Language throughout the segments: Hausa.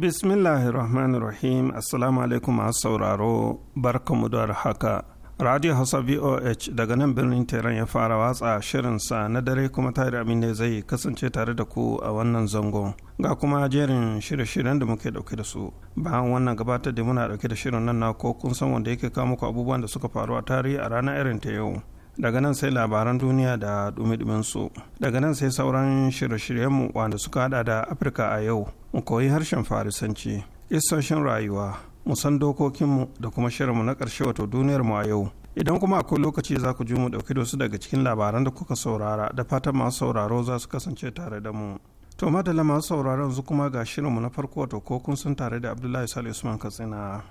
Bismillahirrahmanirrahim Assalamu alaikum masu sauraro barkamu da haka. Radio Hausa VOH daga nan birnin Teran ya fara watsa shirinsa na dare kuma tare amin ne zai kasance tare da ku a wannan zangon. Ga kuma jerin shirye-shiryen da muke dauke da su. Bayan wannan gabatar da muna dauke da shirin nan na ko kun san wanda yake kawo muku abubuwan da suka faru a tarihi a ranar irin ta yau. daga nan sai labaran duniya da dumi su daga nan sai sauran shirye-shiryenmu wanda suka hada da afirka a yau mu koyi harshen farisanci isoshin rayuwa mu san dokokinmu da kuma shirinmu na ƙarshe wato duniyar mu a yau idan kuma akwai lokaci za ku ji mu ɗauki da wasu daga cikin labaran da kuka saurara da fatan masu sauraro za su kasance tare da mu to madalla masu sauraro yanzu kuma ga shirinmu na farko wato ko kun san tare da abdullahi salisu usman katsina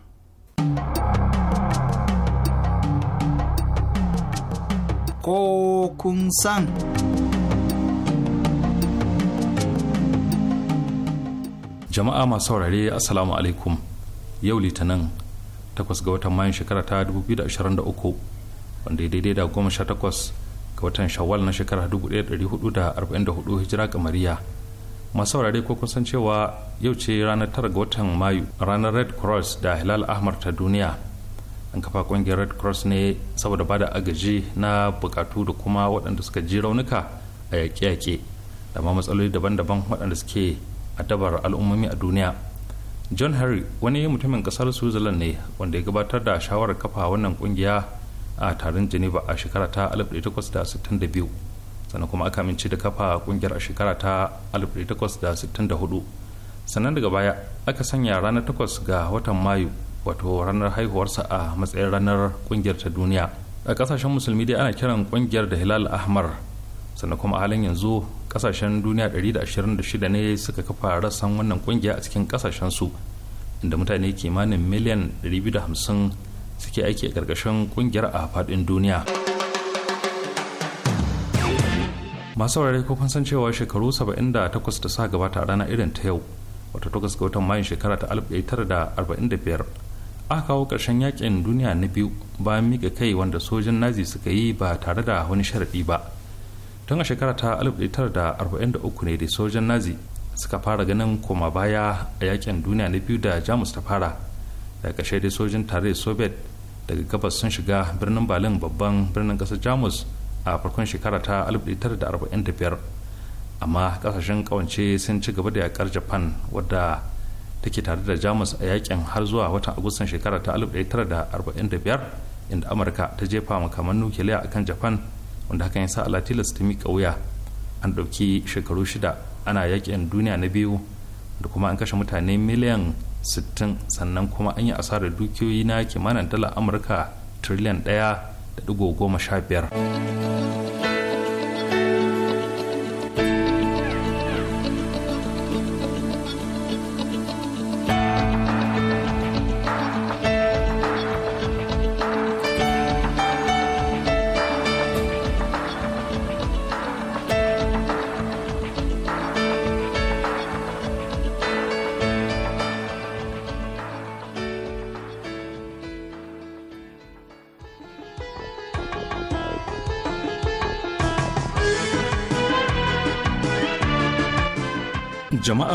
ko kun san. Jama'a masu saurare Assalamu alaikum yau litinin takwas ga watan mayun shekara ta 2023 wanda ya daidai da goma sha takwas ga watan shawwal na shekara 1444 hijira ga mariya masu saurare ko kusan cewa yau ce ranar tara ga watan mayu ranar red cross da hilal ahmar ta duniya an kafa kungiyar red cross ne saboda bada agaji na bukatu da kuma waɗanda suka ji raunuka a yaƙe-yaƙe da ma matsaloli daban-daban waɗanda suke adabar al'ummomi a duniya john harry wani mutumin ƙasar switzerland ne wanda ya gabatar da shawarar kafa wannan kungiya a taron geneva a shekara ta 1862 sannan kuma aka amince da kafa kungiyar a shekara ta 1864 sannan daga baya aka sanya ranar 8 ga watan mayu wato ranar haihuwarsa a matsayin ranar kungiyar ta duniya a kasashen musulmi dai ana kiran kungiyar da hilal ahmar sannan kuma a halin yanzu kasashen duniya 126 ne suka kafa rassan wannan kungiya a cikin kasashen su inda mutane kimanin miliyan 250 suke aiki a karkashin kungiyar a faɗin duniya masu saurare ko kun san cewa shekaru 78 da sa gabata a rana irin ta yau wata takwas ga watan mayun shekara ta 1945 aka kawo ƙarshen yakin duniya na biyu bayan mika kai wanda sojin nazi suka yi ba tare da wani sharaɗi ba tun a shekara ta 1943 ne da sojin nazi suka fara ganin koma baya a yakin duniya na biyu da jamus ta fara daga ƙarshe dai sojin tare soviet daga gabas sun shiga birnin berlin babban birnin ƙasar jamus a farkon shekara ta 1945 amma ƙasashen kawance sun ci gaba da yakar japan wadda ke tare da jamus a yakin har zuwa watan agustan shekara ta 1945 inda amurka ta jefa makaman nukiliya akan japan wanda hakan ya sa ala tilas ta miƙa wuya an ɗauki shekaru shida ana yakin duniya na biyu da kuma an kashe mutane miliyan 60 sannan kuma an yi asarar dukiyoyi na kimanin dala amurka triliyan 1.15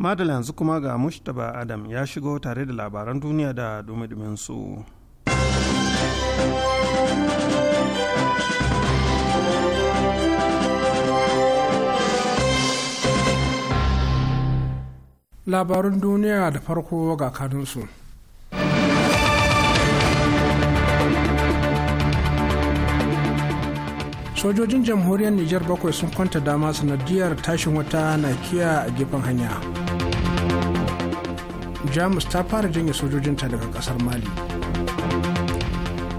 madala yanzu kuma ga mushtaba adam ya shigo tare da labaran duniya da dumi su. labarun duniya da farko ga kanunsu sojojin jamhuriyar Nijar bakwai sun kwanta dama sanadiyar tashin wata na kiya a gefen hanya jamus ta fara janye sojojinta daga kasar mali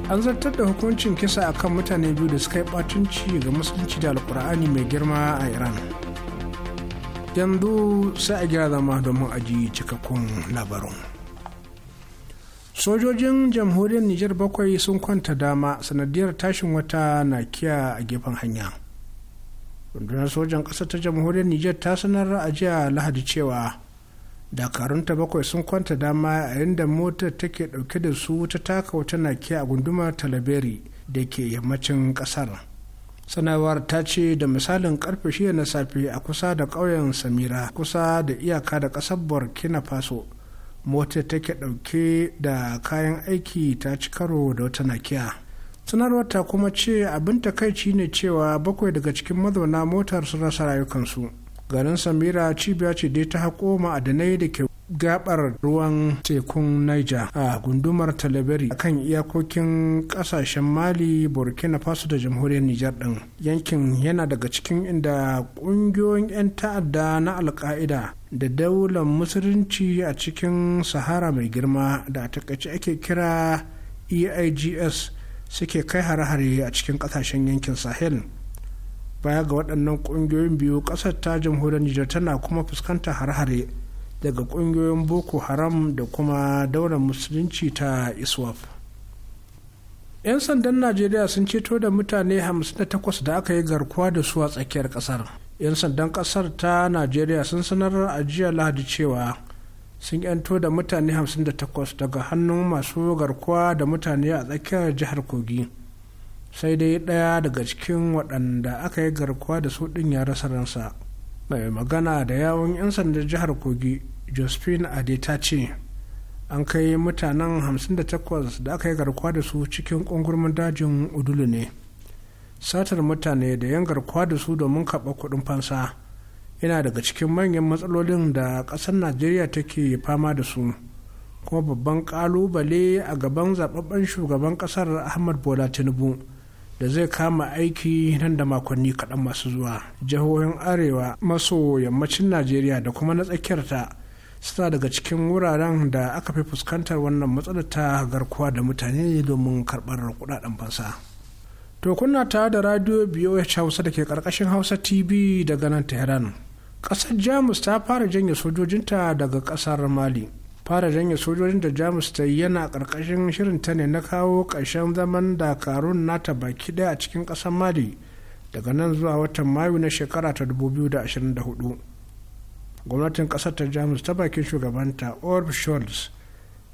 an zartar da hukuncin kisa akan mutane biyu da suka yi ɓatunci ga musulunci da alkur'ani mai girma a iran yanzu sai a gyara zama domin aji cikakkun labarin sojojin jamhuriyar nijar bakwai sun kwanta dama sanadiyar tashin wata na kiya a gefen hanya rundunar sojan ƙasar ta jamhuriyar nijar ta sanar a jiya lahadi cewa dakarun ta bakwai sun kwanta dama yayin da motar take dauke da su ta taka wata nake a gundumar talaberi da ke yammacin kasar sanarwar ta ce da misalin karfe shida na safe a kusa da ƙauyen samira kusa da iyaka da ƙasar burkina faso motar take ɗauke da kayan aiki ta ci karo da wata nakiya sanarwar ta kuma ce abin takaici ne cewa bakwai daga cikin mazauna motar sun rasa rayukansu garin samira cibiya ce dai ta haƙo ma'adanai da ke gabar ruwan tekun niger a gundumar talabari a kan iyakokin kasashen mali burkina faso da jamhuriyar niger ɗin yankin yana daga cikin inda ƙungiyoyin 'yan ta'adda na alka'ida da daular musulunci a cikin sahara mai girma da a takaice ake kira eigs suke kai hare-hare a cikin ƙasashen yankin sahel baya ga waɗannan ƙungiyoyin biyu ƙasar ta jamhuriyar nijar tana kuma fuskantar har-hare daga ƙungiyoyin boko haram da kuma daular musulunci ta iswaf 'yan sandan najeriya sun ceto da mutane 58 da aka yi garkuwa da su a tsakiyar ƙasar 'yan sandan ƙasar ta najeriya sun sanar a jiya lahadi cewa sun 'yanto da mutane 58 daga hannun masu garkuwa da mutane a tsakiyar jihar kogi sai dai ɗaya daga cikin waɗanda aka yi garkuwa da su ɗin ya rasa ransa mai magana da yawon 'yan sandar jihar kogi josephine ta ce an kai mutanen 58 da aka yi garkuwa da su cikin ƙungurmin dajin udulu ne satar mutane da yan garkuwa da su domin kaɓa kuɗin fansa yana daga cikin manyan matsalolin da ƙasar najeriya take fama da su kuma babban ƙalubale a gaban zababben shugaban ƙasar ahmad bola tinubu da zai kama aiki nan da makonni kaɗan masu zuwa jihohin arewa maso yammacin najeriya da kuma na tsakiyarta suna daga cikin wuraren da aka fi fuskantar wannan matsalar ta garkuwa da mutane domin karɓar kuɗaɗen fansa to kuna tare da radio biyo hausa da ke ƙarƙashin hausa tv daga nan tehran ƙasar jamus ta fara janye sojojinta daga ƙasar mali fara janye sojojin da jamus ta yi yana ƙarƙashin shirin ta ne na kawo ƙarshen zaman dakarun nata baki ɗaya a cikin ƙasar mali daga nan zuwa watan mayu na shekara ta 2024 gwamnatin ƙasar ta jamus ta bakin shugabanta olaf scholz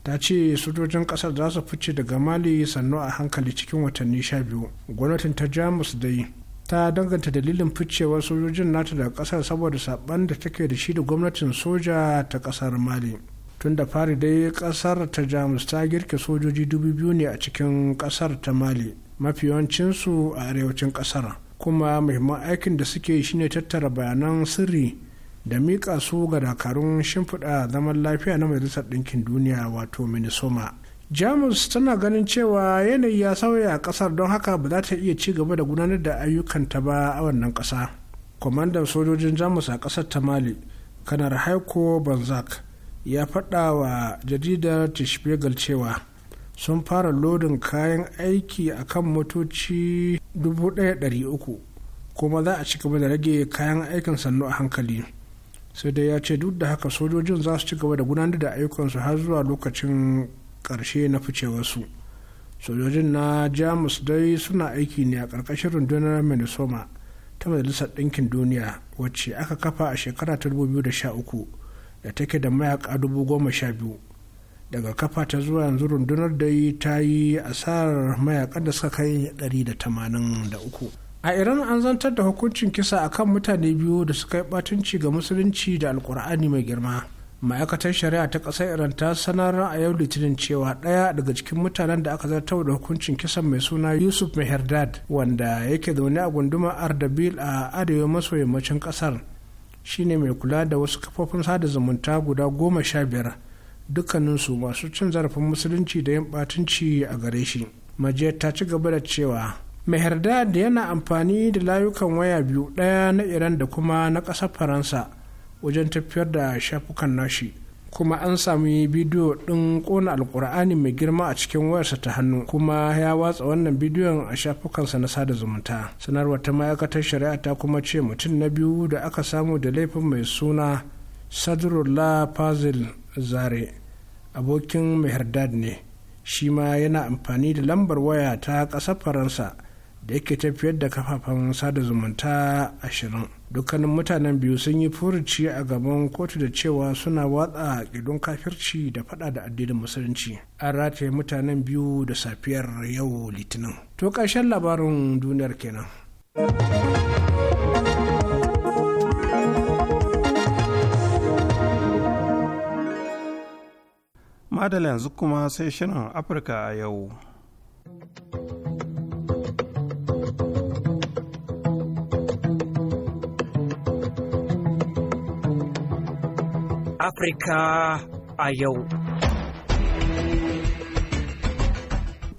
ta ce sojojin ƙasar za su fice daga mali sannu a hankali cikin watanni sha biyu gwamnatin ta jamus dai ta danganta dalilin ficewar sojojin nata daga ƙasar saboda saɓan da take da shi da gwamnatin soja ta ƙasar mali tun da fari dai kasar ta jamus ta girke sojoji dubu biyu ne a cikin kasar ta mali mafi yawancinsu a arewacin kasar kuma muhimman aikin da suke shine tattara bayanan sirri da miƙa su ga dakarun shimfiɗa zaman lafiya na majalisar ɗinkin duniya wato minisoma jamus tana ganin cewa yanayi ya sauya a ƙasar don haka ba za ta iya ci gaba da gudanar da ayyukanta ba a wannan ƙasa kwamandan sojojin jamus a ƙasar ta mali kanar haiko banzak ya faɗa wa jaridar tishbegal cewa sun fara lodin kayan aiki a kan motoci 1,300 kuma za a ci gaba da rage kayan aikin sannu a hankali sai dai ya ce duk da haka sojojin za su ci gaba da gudanar da ayyukansu har zuwa lokacin ƙarshe na ficewarsu sojojin na jamus dai suna aiki ne a ƙarƙashin rundunar minnesota ta majalisar ɗinkin duniya wacce aka kafa a shekara 2013 da take da mayaka dubu goma sha biyu daga kafa ta zuwa yanzu rundunar da yi ta yi asarar mayakan da suka kai da da tamanin uku. a iran an zantar da hukuncin kisa akan mutane biyu da suka yi ɓatunci ga musulunci da alkur'ani mai girma ma'aikatar shari'a ta ƙasar iran ta sanar a yau litinin cewa ɗaya daga cikin mutanen da aka zartar da hukuncin kisan mai suna yusuf meherdad wanda yake zaune a gunduma ardabil a arewa maso yammacin ƙasar shine mai kula da wasu kafofin sada zumunta guda goma sha biyar dukkaninsu masu cin zarafin musulunci da yin batunci a gare shi majiyar ta ci gaba da cewa mai da yana amfani da layukan waya biyu ɗaya na iran da kuma na ƙasar faransa wajen tafiyar da shafukan nashi kuma an sami bidiyo ɗin ƙona alƙur'ani mai girma a cikin wayarsa ta hannu kuma ya watsa wannan bidiyon a shafukansa na sada zumunta sanarwar ta ma'aikatar shari'a ta kuma ce mutum na biyu da aka samu da laifin mai suna sadrullah fazil zare abokin mehrdad ne shi ma yana amfani da lambar waya ta ƙasar faransa da yake tafiyar da kafafen sada zumunta ashirin dukkanin mutanen biyu sun yi furuci a gaban kotu da cewa suna watsa ƙidon kafirci da fada da addinin musulunci an rataye mutanen biyu da safiyar yau litinin to ƙarshen labarin duniyar kenan madala yanzu kuma sai shirin afirka a yau Afirka a yau.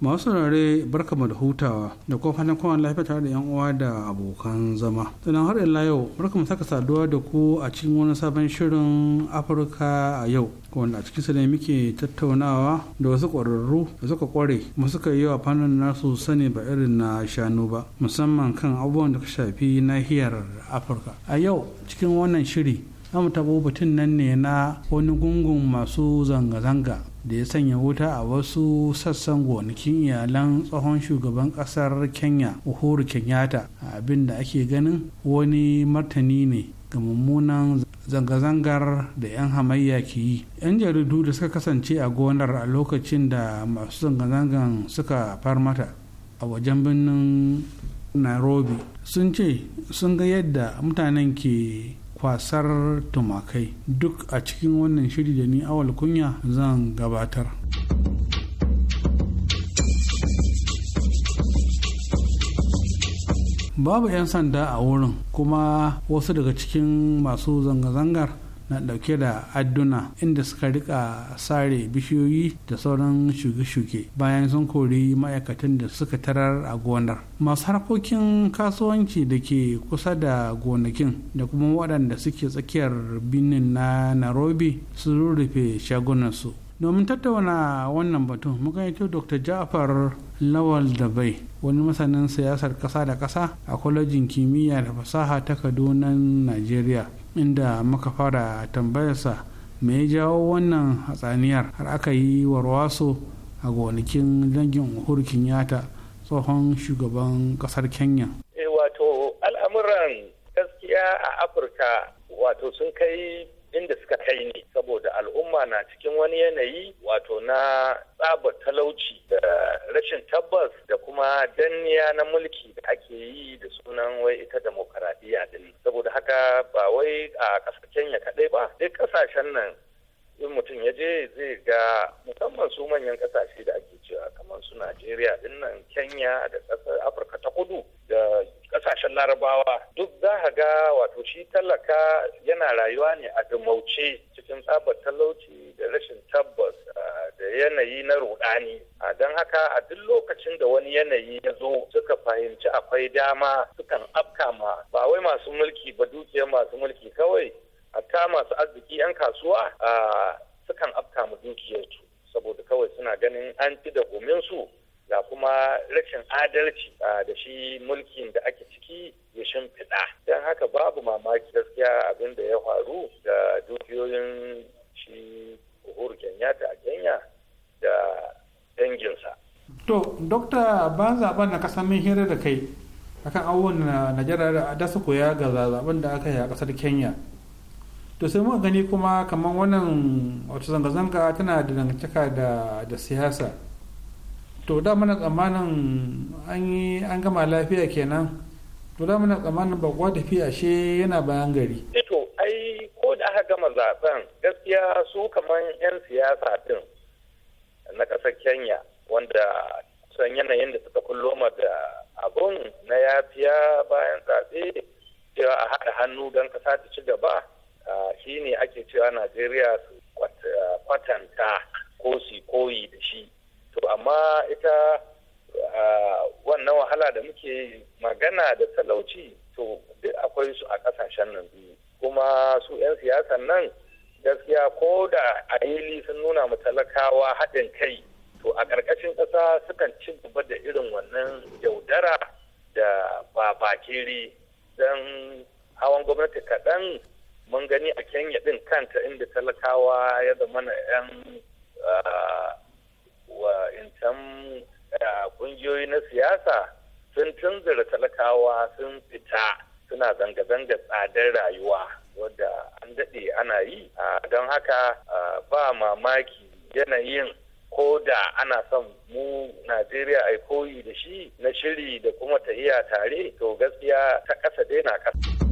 masu rare barkama da hutawa da kwafanin kwanan lafiya tare da 'yan uwa da abokan zama sannan har illa yau mu saka saduwa da ku a cikin wani sabon shirin afirka a yau wanda a cikinsa ne muke tattaunawa da wasu ƙwararru da suka ƙware kuma suka yi wa fannin nasu sani ba irin na shanu ba musamman kan abubuwan da ka shafi nahiyar afirka a yau cikin wannan shiri za mu tabo batun nan ne na wani gungun masu zanga-zanga da ya sanya wuta a wasu sassan gonakin iyalan tsohon shugaban ƙasar kenya uhuru kenyatta abin da ake ganin wani martani ne ga mummunan zanga-zangar da 'yan hamayya ke yi 'yan jaridu da suka kasance a gonar a lokacin da masu zanga-zangan suka far mata a wajen birnin nairobi sun ce sun ga yadda mutanen ke kwasar tumakai duk a cikin wannan shiri da ni awal kunya zan gabatar babu 'yan sanda a wurin kuma wasu daga cikin masu zanga-zangar na dauke da adduna inda suka rika sare bishiyoyi da sauran shuke-shuke bayan sun kori ma'aikatan da suka tarar a gonar masu harkokin kasuwanci da ke kusa da gonakin da kuma waɗanda suke tsakiyar binin na narobi su rurrufe shagunansu domin tattauna wannan batun muka yi dr jafar lawal da bai wani masanin siyasar kasa da kasa a kwalejin kimiyya da fasaha ta kaduna nigeria inda muka fara tambayarsa me ya jawo wannan hatsaniyar har aka yi warwaso a gonakin dangin uhuru kenyatta tsohon shugaban kasar kenya eh, wato al'amuran gaskiya a afirka wato sun kai inda suka kai ni saboda al'umma na cikin wani yanayi wato na tsaba talauci da rashin tabbas da kuma danniya na mulki da ake yi da sunan wai ita demokaradiyya din saboda haka ba wai a ƙasar kenya kaɗai ba duk ƙasashen nan in mutum ya je zai ga musamman su manyan kasashe da ake cewa kamar su najeriya din nan kenya da ƙasar afirka ta kudu da ƙasashen larabawa duk za ka ga wato shi talaka yana rayuwa ne a dumauce cikin tsabar talauci da rashin tabbas da yanayi na rudani don haka a duk lokacin da wani yanayi ya zo suka fahimci akwai dama sukan afkama ba wai masu mulki ba dukiyar masu mulki kawai hatta masu arziki 'yan kasuwa a sukan afka mu dukiyarsu saboda kawai suna ganin an fi da su ga kuma rashin adalci da shi mulkin da ake ciki ya shimfiɗa don haka babu mamaki gaskiya abin da ya faru da dukiyoyin shi uhuru kenyatta a kenya da danginsa to dokta bayan na kasan min hira da kai akan abubuwan na najeriya da su koya ga zaɓen da aka yi a ƙasar kenya to sai muka gani kuma kamar wannan wata zanga-zanga tana da dangantaka da, da siyasa to da mana tsammanin an yi an gama lafiya kenan to da mana tsammanin bakwa tafiya shi yana bayan gari eh to ai ko da aka gama zaben gaskiya su kamar 'yan siyasa din na ƙasar kenya wanda san yanayin da suka ma da abun na yafiya bayan zaɓe cewa a haɗa hannu don ƙasa ta ci gaba Ah, shi ne ake cewa najeriya su ah, kwatanta ko su koyi da shi to amma ita ah, wannan wahala da muke magana da talauci to duk akwai su a kasashen nan biyu kuma su 'yan siyasan nan gaskiya ko da a yili sun nuna mu talakawa haɗin kai to a ƙarƙashin ƙasa sukan ci gaba da irin wannan yaudara da bakiri don hawan gwamnati kaɗan mun gani a kenya din kanta inda talakawa ya zama na 'yan wa intan kungiyoyi na siyasa sun tunzura talakawa sun fita suna zanga-zanga tsadar rayuwa wadda an daɗe ana yi don haka ba mamaki yanayin ko da ana son mu najeriya a koyi da shi na shiri da kuma tahiya tare to gaskiya ta ƙasa daina ƙasa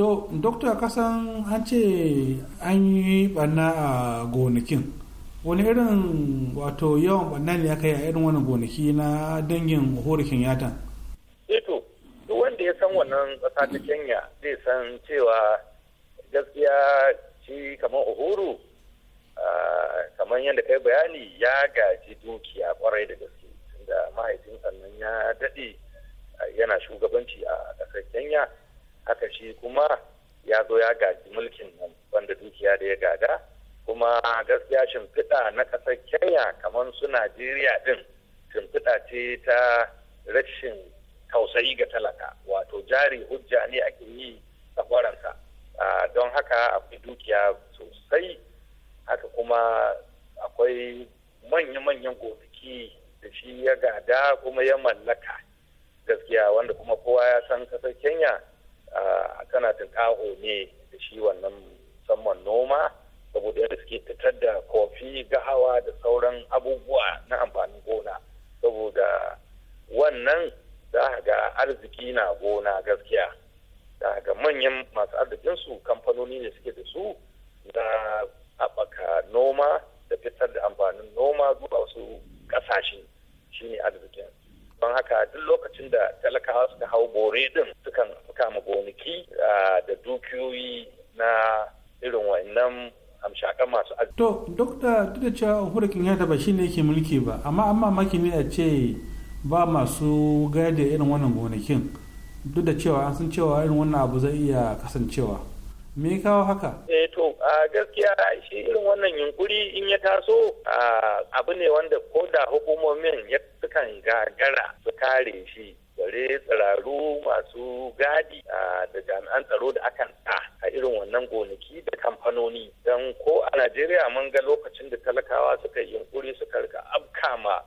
to dokta kasan an ce an yi barna a gonakin wani irin wato yawan barna ne aka yi a irin wani gonaki na dangin horikin yatan eto eh, duk wanda ya san wannan ƙasa ta kenya zai san cewa gaskiya shi kamar uhuru kamar yadda kai bayani ya gaji dukiya kwarai da gaske tunda mahaifin sannan ya daɗe yana shugabanci a ƙasar kenya haka shi kuma ya zo ya gaji mulkin nan wanda dukiya da ya gada kuma gaskiya shimfiɗa na ƙasar kenya kamar su najeriya ɗin shimfiɗa ce ta rashin tausayi ga talaka wato jari hujja ne ake yi tsakwaransa don haka akwai dukiya sosai haka kuma akwai manya-manyan gobiki da shi ya gada kuma ya mallaka gaskiya wanda kuma kowa ya san ƙasar kenya tana tunƙaho ne da shi wannan musamman noma saboda yadda suke fitar da kofi hawa da sauran abubuwa na amfanin gona saboda wannan za a ga arziki na gona gaskiya ga manyan masu arzikinsu kamfanoni ne suke da su na haɓaka noma da fitar da amfanin noma zuwa wasu ƙasashe shine arzikin don haka duk lokacin da talakawa suka hau bore din sukan kama gonaki ah, da dukiyoyi na irin wannan amshakan masu arziki. To, dokta duk da cewa hurakin ya ba shi ne yake mulki ba, amma an mamaki ne a ce ba masu da irin wannan gonakin duk da cewa an san cewa irin wannan abu zai iya kasancewa. me kawo haka eh to a gaskiya shi irin wannan yunkuri in ya taso abu ne wanda ko da hukumomin ya sukan gagara su kare shi bare tsiraru masu gadi da jami'an tsaro da akan sa a irin wannan gonaki da kamfanoni don ko a najeriya mun ga lokacin da talakawa suka yunkuri suka rika afkama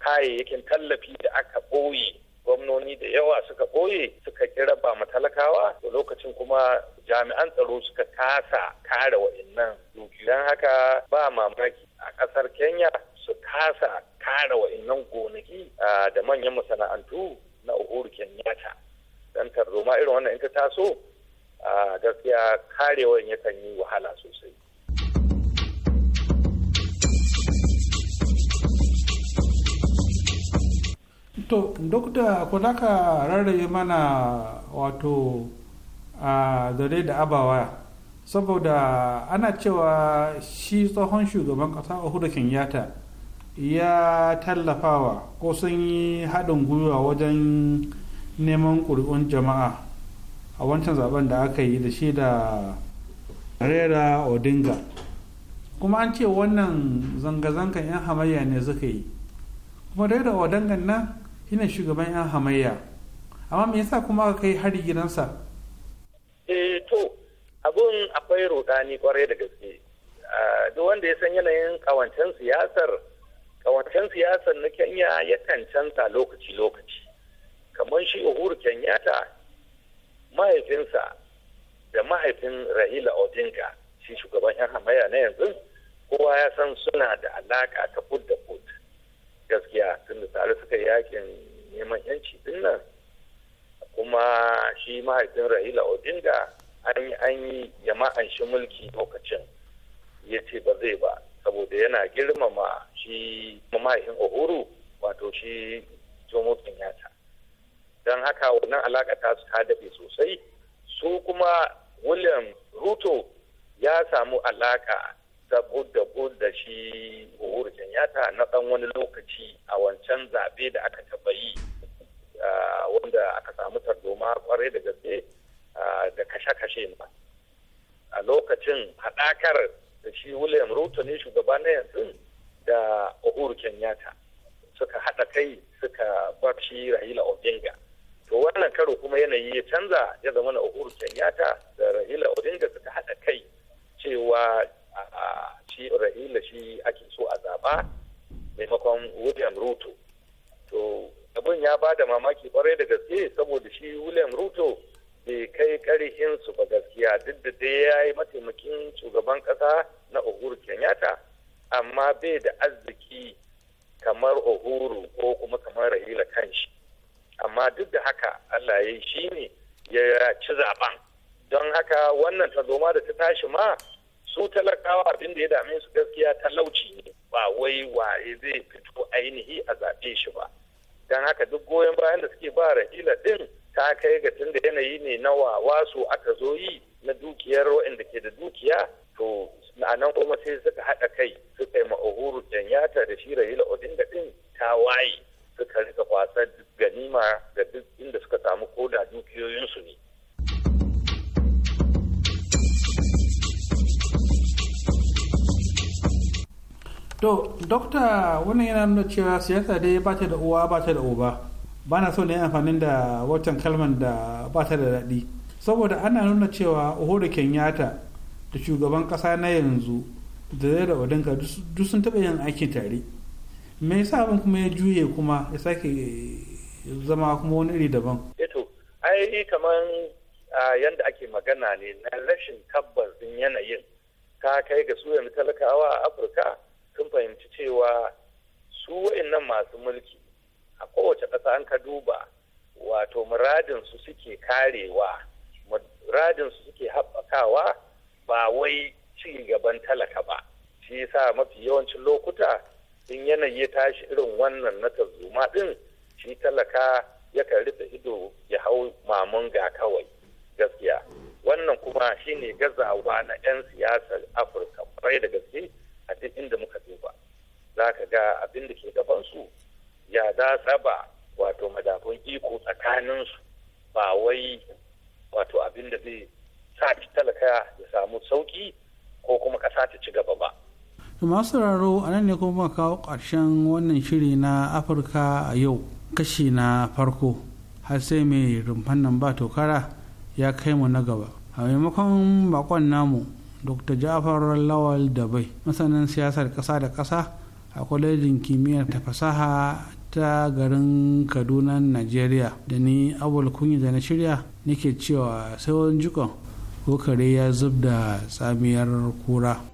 kayayyakin tallafi da aka ɓoye gwamnoni da yawa suka ɓoye suka kira ba matalakawa da lokacin kuma jami'an tsaro suka kasa kare wa'annan doki don haka ba mamaki a ƙasar kenya su kasa kare wa'annan gonaki da manyan masana'antu na uhuru kenyatta don tarzoma irin wannan in ta taso gaskiya karewa yakan yi wahala sosai to duk da ku naka rarrabe mana wato a dare da abawa saboda ana cewa shi tsohon shugaban kasa uhuru kenyatta ya tallafawa ko sun yi haɗin gwiwa wajen neman ƙuri'un jama'a a wancan zaben da aka yi da shi da rera odinga kuma an ce wannan zanga-zangan 'yan hamayya ne suka yi kuma rera odingan nan ne shugaban 'yan hamayya amma me yasa kuma aka kai hari gidansa eh to abun akwai rudani kwarai da gaske ah, duk wanda ya san yanayin kawancen siyasar kawancen siyasar na kenya yakan canza lokaci-lokaci kamar shi uhuru kenyatta mahaifinsa da mahaifin Raila odinga shi shugaban yan hamayya na yanzu kowa ya san suna da alaka ta fud da fud gaskiya tun da tare suka yi yakin neman yanci din nan kuma shi mahaifin rahila odinga an yi an yi jama'an shi mulki lokacin ya ce ba zai ba saboda yana girmama shi mahaifin uhuru wato shi jomo kenyatta don haka wannan alaƙa ta su ta daɗe sosai su kuma william ruto ya samu alaƙa da bol da shi Uhuru Kenyatta na ɗan wani lokaci a wancan zaɓe da aka taɓa yi wanda aka samu tarzoma kwarai da gaske da kashe-kashe ma. A lokacin haɗakar da shi William Ruto ne shugaba na yanzu da Uhuru Kenyatta suka haɗa kai suka bar shi Rahila Odinga. to wannan karo kuma yanayi ya canza ya zama na uhuru kenyatta da rahila odinga suka haɗa kai cewa shi rahila shi ake so a zaɓa maimakon william ruto to abin ya ba da mamaki kwarai da gaske saboda shi william ruto bai kai su ba gaskiya duk da dai ya yi mataimakin shugaban ƙasa na uhuru kenyatta amma bai da arziki kamar uhuru ko kuma kamar rahila kanshi amma duk da haka allah ya yi shi ne ya ci zaben don haka wannan ta zoma da ta tashi ma su talakawa abin da ya dame su gaskiya talauci ne ba wai waye zai fito ainihi a zaɓe shi ba don haka duk goyon bayan da suke ba rahila din ta kai ga tunda yanayi ne na wawa su aka zo yi na dukiyar waɗanda ke da dukiya to a nan kuma sai suka haɗa kai suka yi ma'uhuru janyata da shi rahila odinga din ta waye suka rika kwasar ganima da duk inda suka samu koda dukiyoyinsu ne to dokta wannan yana nuna cewa siyasa dai ba ta da uwa ba ta da uba ba na so na yi amfani da wancan kalman da ba ta da daɗi saboda ana nuna cewa uhuru kenyatta da shugaban ƙasa na yanzu da zai da odinka duk sun taɓa yin aiki tare me yasa abin kuma ya juye kuma ya sake zama kuma wani iri daban eto eh ai kamar yadda ake magana ne na rashin tabbas din yanayin ka kai ga su talakawa a afirka sun fahimci cewa su wa'annan masu mulki a kowace ƙasa an ka duba wato muradin su suke karewa muradinsu suke haɓakawa ba wai ci gaban talaka ba shi yasa mafi yawancin lokuta in yanayi ya tashi irin wannan na tarzoma ɗin shi talaka ya rufe ido ya hau mamun ga kawai gaskiya wannan kuma shine gazawa na 'yan siyasar afirka kwarai da gaske a duk inda muka duba za ka ga abin da ke su ya za saba wato madafun iko tsakanin su ba wai wato abin da zai sa talaka ya samu sauki ko kuma ƙasa ta ci gaba ba. masu sauraro a nan ne kuma kawo ƙarshen wannan shiri na afirka a yau kashi na farko har sai mai rumfan nan ba tokara ya kai mu na gaba a maimakon bakon namu dr jafar lawal da bai masanin siyasar kasa da kasa a kwalejin kimiyyar ta fasaha ta garin kaduna nigeria da ni abul kunyi da na shirya nake cewa sai wani jikon ko kare ya zub da tsamiyar kura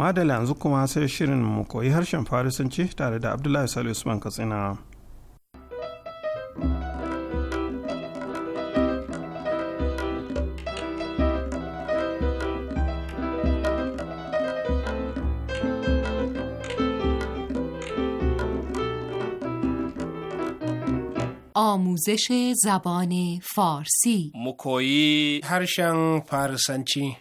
madala yanzu kuma sai shirin mu koyi harshen farisanci tare da abdullahi salih usman katsina آموزش زبان فارسی مکویی هرشن فارسنچی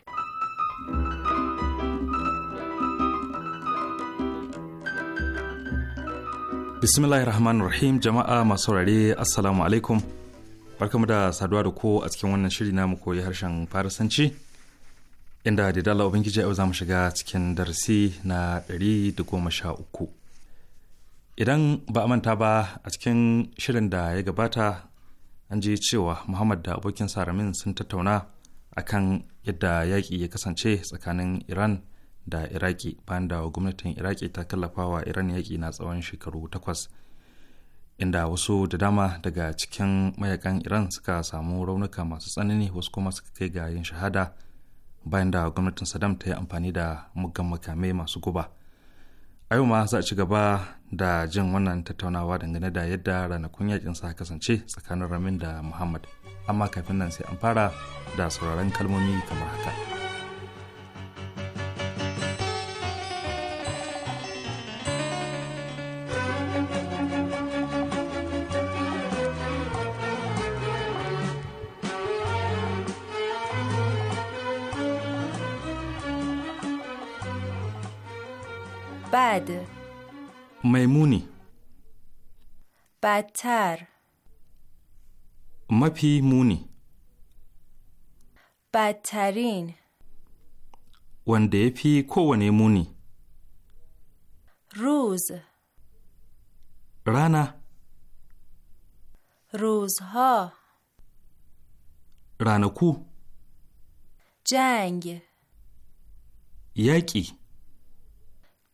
Bismillahirrahmanirrahim jama'a masu saurare assalamu alaikum barkamu da saduwa da ko a cikin wannan shiri namu koyi harshen farisanci inda da dala ubangiji yau za mu shiga cikin darasi na ɗari da goma sha uku idan ba a manta ba a cikin shirin da ya gabata an ji cewa muhammad da abokin saramin sun tattauna akan yadda yaƙi ya kasance tsakanin iran da iraki bayan da gwamnatin iraki ta wa iran yaƙi na tsawon shekaru takwas inda wasu da dama daga cikin mayakan iran suka samu raunuka masu tsanani wasu kuma suka kai ga yin shahada bayan da gwamnatin saddam ta yi amfani da muggan makamai masu guba a yau ma za a ci gaba da jin wannan tattaunawa dangane da yadda ranakun yakin sa kasance tsakanin ramin da muhammad amma kafin nan sai an fara da sauraron kalmomi kamar haka. Mai muni. بدتر Mafi muni. Batarin. wanda ya fi kowane muni. Ruz Rana Ruzha Ranaku Jang Yaƙi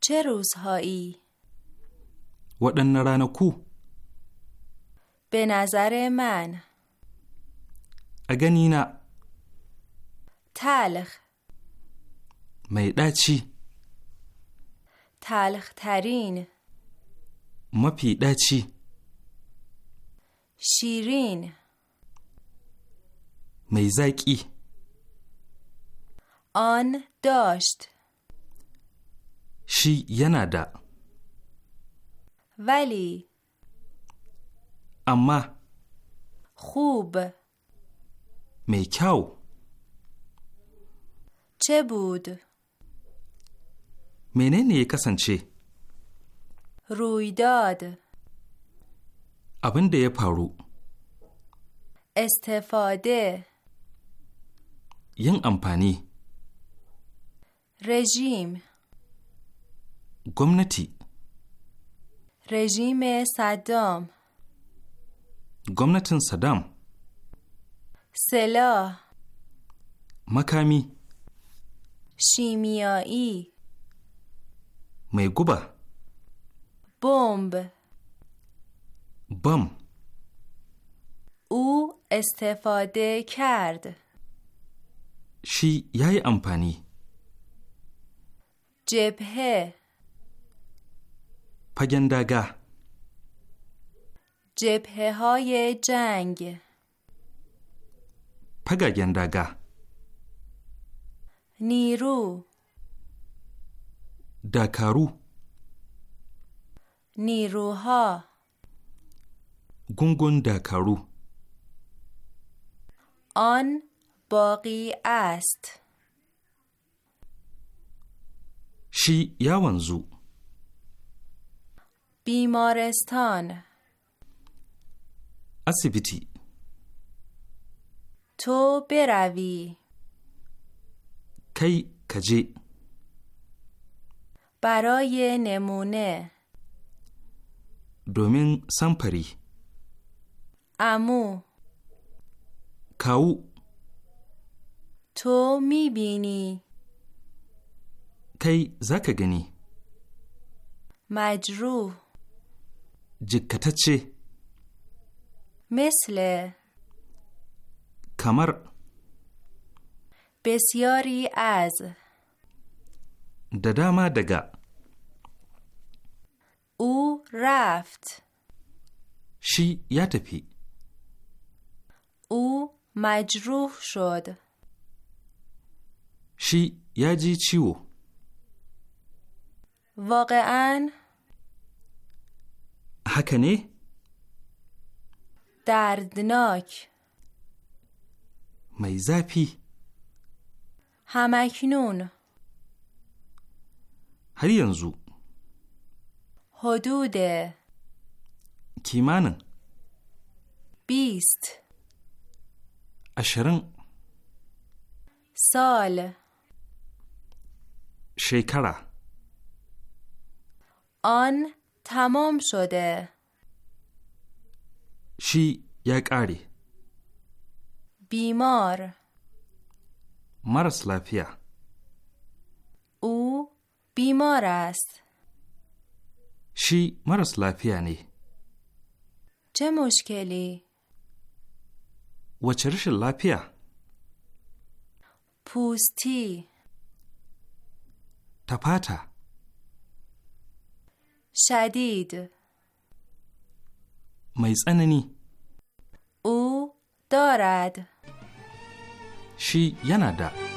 چه روزهایی؟ ودن به نظر من ا نا تلخ می چی؟ تلخ ترین مپی شیرین میزکی آن داشت shi yana da. Vale. Amma. Khub. Mai kyau. Chebud. Menene ya kasance? Ruidad. Abin da ya faru. Estefade. Yin amfani. Rejim. گمنتی رژیم صدام گمنتن صدام سلاح مکامی شیمیایی میگوبا بمب بم او استفاده کرد شی یای امپانی جبهه پگندگه جبهه های جنگ پگندگه نیرو دکارو نیروها گونگون دکارو آن باقی است شی یاونزو بیمارستان اسیبیتی تو بروی کی کجی برای نمونه دومین سمپری امو کاو تو میبینی کی زکگنی مجروح جکتچه مثل کمر بسیاری از دداما دگا او رفت شی یا او مجروح شد شی یا جی چیو واقعا حکنه دردناک می پی همکنون هر حدود کیمان بیست اشرن سال شیکره آن تمام شده شی یک آری بیمار مرس لافیه او بیمار است شی مرس لافیه نی چه مشکلی؟ و چرش لافیا پوستی تپاتا شدید mai tsanani او دارد شی yana da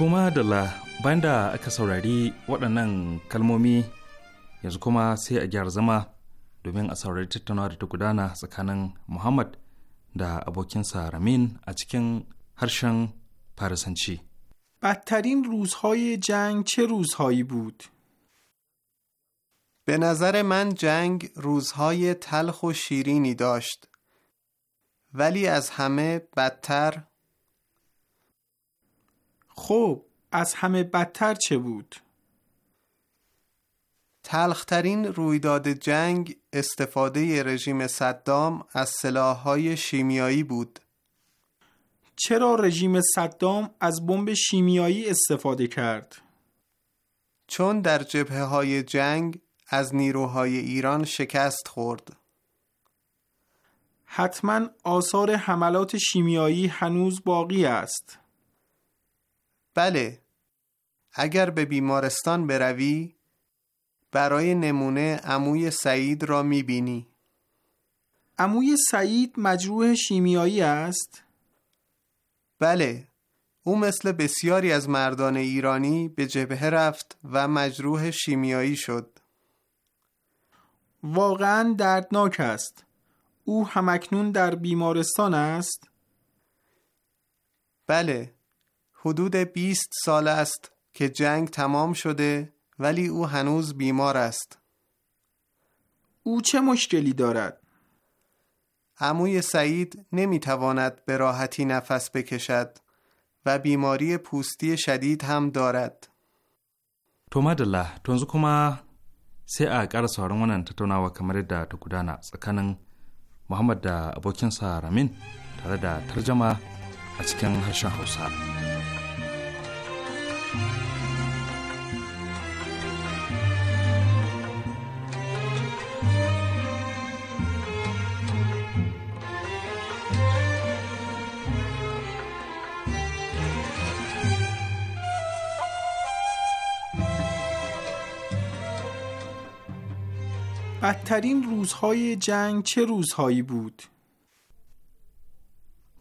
kuma da la banda aka saurari waɗannan kalmomi yanzu kuma sai a gyara zama domin a saurari tattaunawa da ta gudana tsakanin Muhammad da abokinsa Ramin a cikin harshen Farisanci. بدترین روزهای جنگ چه روزهایی بود؟ به نظر من جنگ روزهای تلخ و شیرینی داشت ولی از همه بدتر خب از همه بدتر چه بود؟ تلخترین رویداد جنگ استفاده رژیم صدام از های شیمیایی بود. چرا رژیم صدام از بمب شیمیایی استفاده کرد؟ چون در جبه های جنگ از نیروهای ایران شکست خورد. حتما آثار حملات شیمیایی هنوز باقی است. بله اگر به بیمارستان بروی برای نمونه عموی سعید را میبینی عموی سعید مجروح شیمیایی است؟ بله او مثل بسیاری از مردان ایرانی به جبهه رفت و مجروح شیمیایی شد واقعا دردناک است او همکنون در بیمارستان است؟ بله حدود 20 سال است که جنگ تمام شده ولی او هنوز بیمار است. او چه مشکلی دارد؟ عموی سعید نمیتواند به راحتی نفس بکشد و بیماری پوستی شدید هم دارد. تو الله تونزو کما سه اگر ونن تتونا نوا کمر دا تو سکنن محمد دا سارمین تر ترجمه از کن هشان بدترین روزهای جنگ چه روزهایی بود؟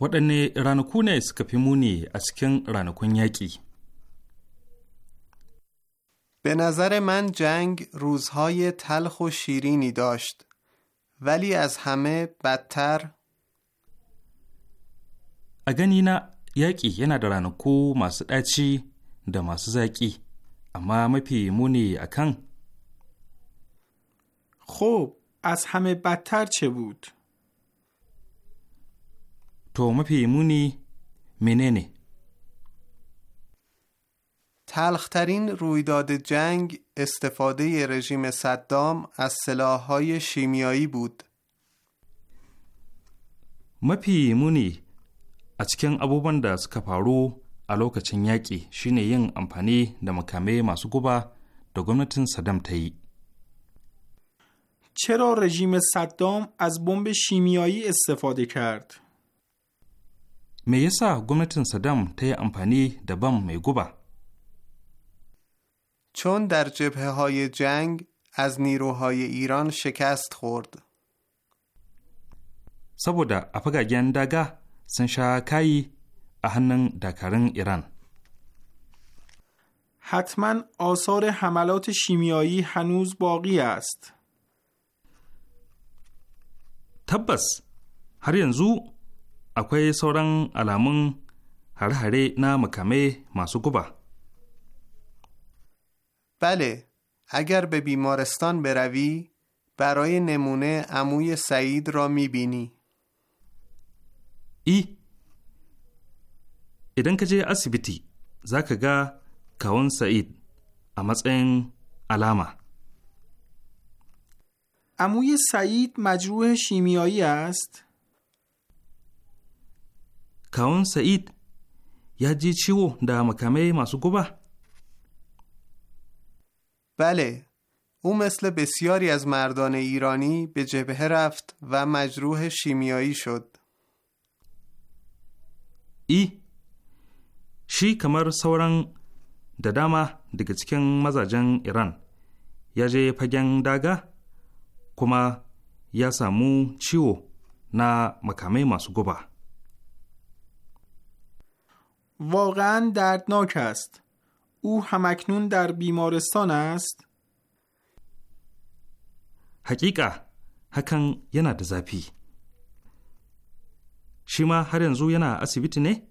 waɗanne ranaku ne suka fi muni a cikin ranakun yaƙi به نظر من جنگ روزهای تلخ و شیرینی داشت ولی از همه بدتر a gani na yaƙi yana da ranaku masu ɗaci da masu zaƙi amma mafi muni akan خب از همه بدتر چه بود؟ تو ما پیمونی مننه تلخترین رویداد جنگ استفاده رژیم صدام از های شیمیایی بود. ما پیمونی اچکن ابو بندس کپارو الوکچن یاکی شینه یین امپانی مکامه ماسو گوبا دو گومنتن صدام تایی. چرا رژیم صدام از بمب شیمیایی استفاده کرد؟ me yasa gwamnatin Saddam ta yi amfani da چون در جبهه های جنگ از نیروهای ایران شکست خورد. saboda a fagagen daga sun sha kayi ایران. حتما آثار حملات شیمیایی هنوز باقی است. tabbas har yanzu akwai sauran alamun hare-hare na makamai masu guba. Bale, agar به بیمارستان بروی برای نمونه عموی سعید را میبینی. ای idan ka je asibiti za ka ga kawun sa'id a matsayin alama اموی سعید مجروح شیمیایی است؟ کاون سعید یا جی چیو دا مکمه ماسو بله او مثل بسیاری از مردان ایرانی به جبهه رفت و مجروح شیمیایی شد ای شی کمر سوران da دامه دگه cikin mazajen ایران، یادی je kuma ya samu ciwo na makamai masu guba. واقعا دردناک است. او همکنون در بیمارستان است؟ حقیقه هکن ینا ده زفی. شما هر انزو ینا اسیبیت نه؟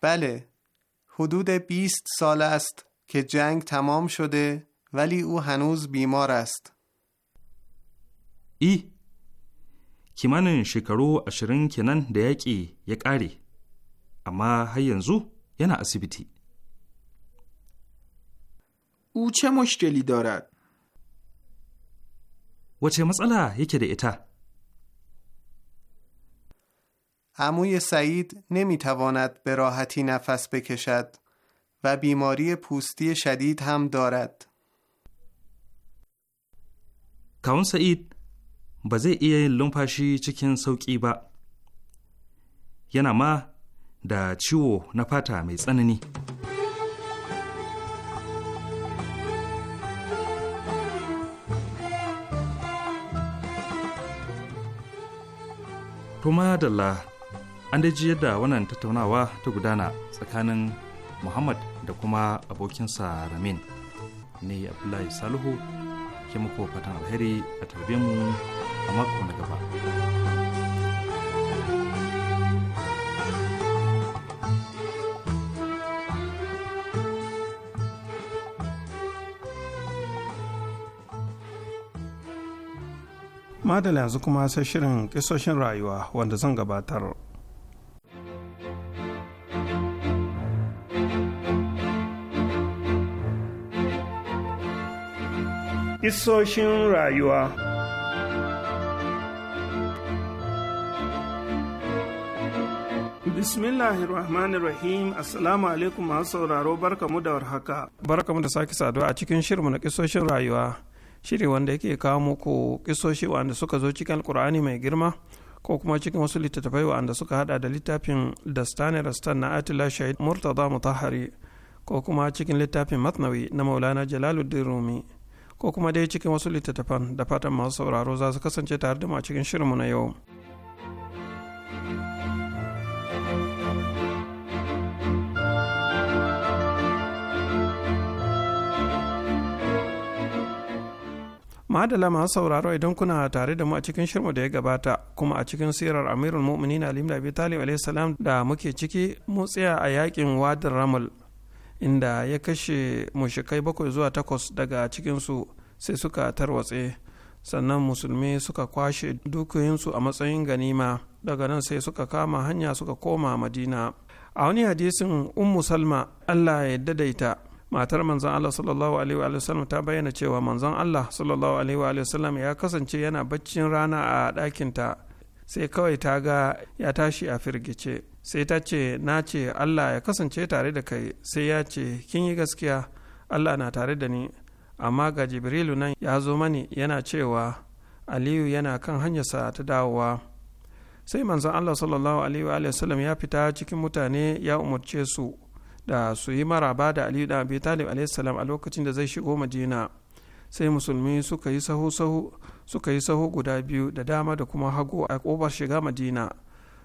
بله. حدود 20 سال است که جنگ تمام شده ولی او هنوز بیمار است. ای کیمانن شکرو اشرین کنن دیکی یک آری اما اما هر یا yana اسیبیتی او چه مشکلی دارد؟ و چه مسئله یکی ده ایتا؟ عموی سعید نمیتواند به راحتی نفس بکشد و بیماری پوستی شدید هم دارد. kawun sa'id ba zai iya yin lumfashi cikin sauƙi ba yana ma da ciwo na fata mai tsanani Tuma Dalla an daji yadda wannan tattaunawa ta gudana tsakanin Muhammad da kuma abokinsa Ramin ne Abdullahi Salihu ke muku fatan alheri a tarbe mu a mako na gaba. madala yanzu kuma sai shirin kisoshin rayuwa wanda zan gabatar. Isoshin rayuwa Bismillahir Rahmanir Rahim Assalamu alaikum masu sauraro barkamu da warhaka. Barkamu da sake saduwa a cikin shirmu na kisoshin rayuwa. Shiri wanda yake kawo muku kisoshi wanda suka zo cikin Alkur'ani mai girma ko kuma cikin wasu littattafai wanda suka hada da littafin Dastani Rastan na Atila Shahid Murtada Mutahari ko kuma cikin littafin Matnawi na Maulana Jalaluddin Rumi. ko kuma dai cikin wasu littattafan da fatan masu sauraro za su kasance tare da mu a cikin shirinmu na yau. madala masu sauraro idan kuna tare da mu a cikin shirmu da ya gabata kuma a cikin sirar amirul mu'minin ali ibn abi talib da muke ciki mu tsaya a yakin wadin ramul inda ya kashe mushikai bakwai zuwa takwas daga cikinsu sai suka tarwatse sannan musulmi suka kwashe dukiyoyinsu a matsayin ganima daga nan sai suka kama hanya suka koma madina a wani hadisin ummu salma allah ya daidaita matar manzon Allah sallallahu alaihi wa ta bayyana cewa manzon Allah sallallahu alaihi wa ya kasance yana baccin rana a ɗakinta sai kawai ta ga ya tashi a firgice sai ta ce na ce allah ya kasance tare da kai sai ya ce kin yi gaskiya allah na tare da ni amma ga jibrilu nan ya zo mani yana cewa aliyu yana kan hanyarsa ta dawowa sai manzon allah sallallahu alaihi wa sallam ya fita cikin mutane ya umarce su da su yi maraba da aliyu da abi talib a lokacin da zai shigo madina sai musulmi suka yi sahu saho suka yi saho guda biyu da dama da kuma hagu a kobar shiga madina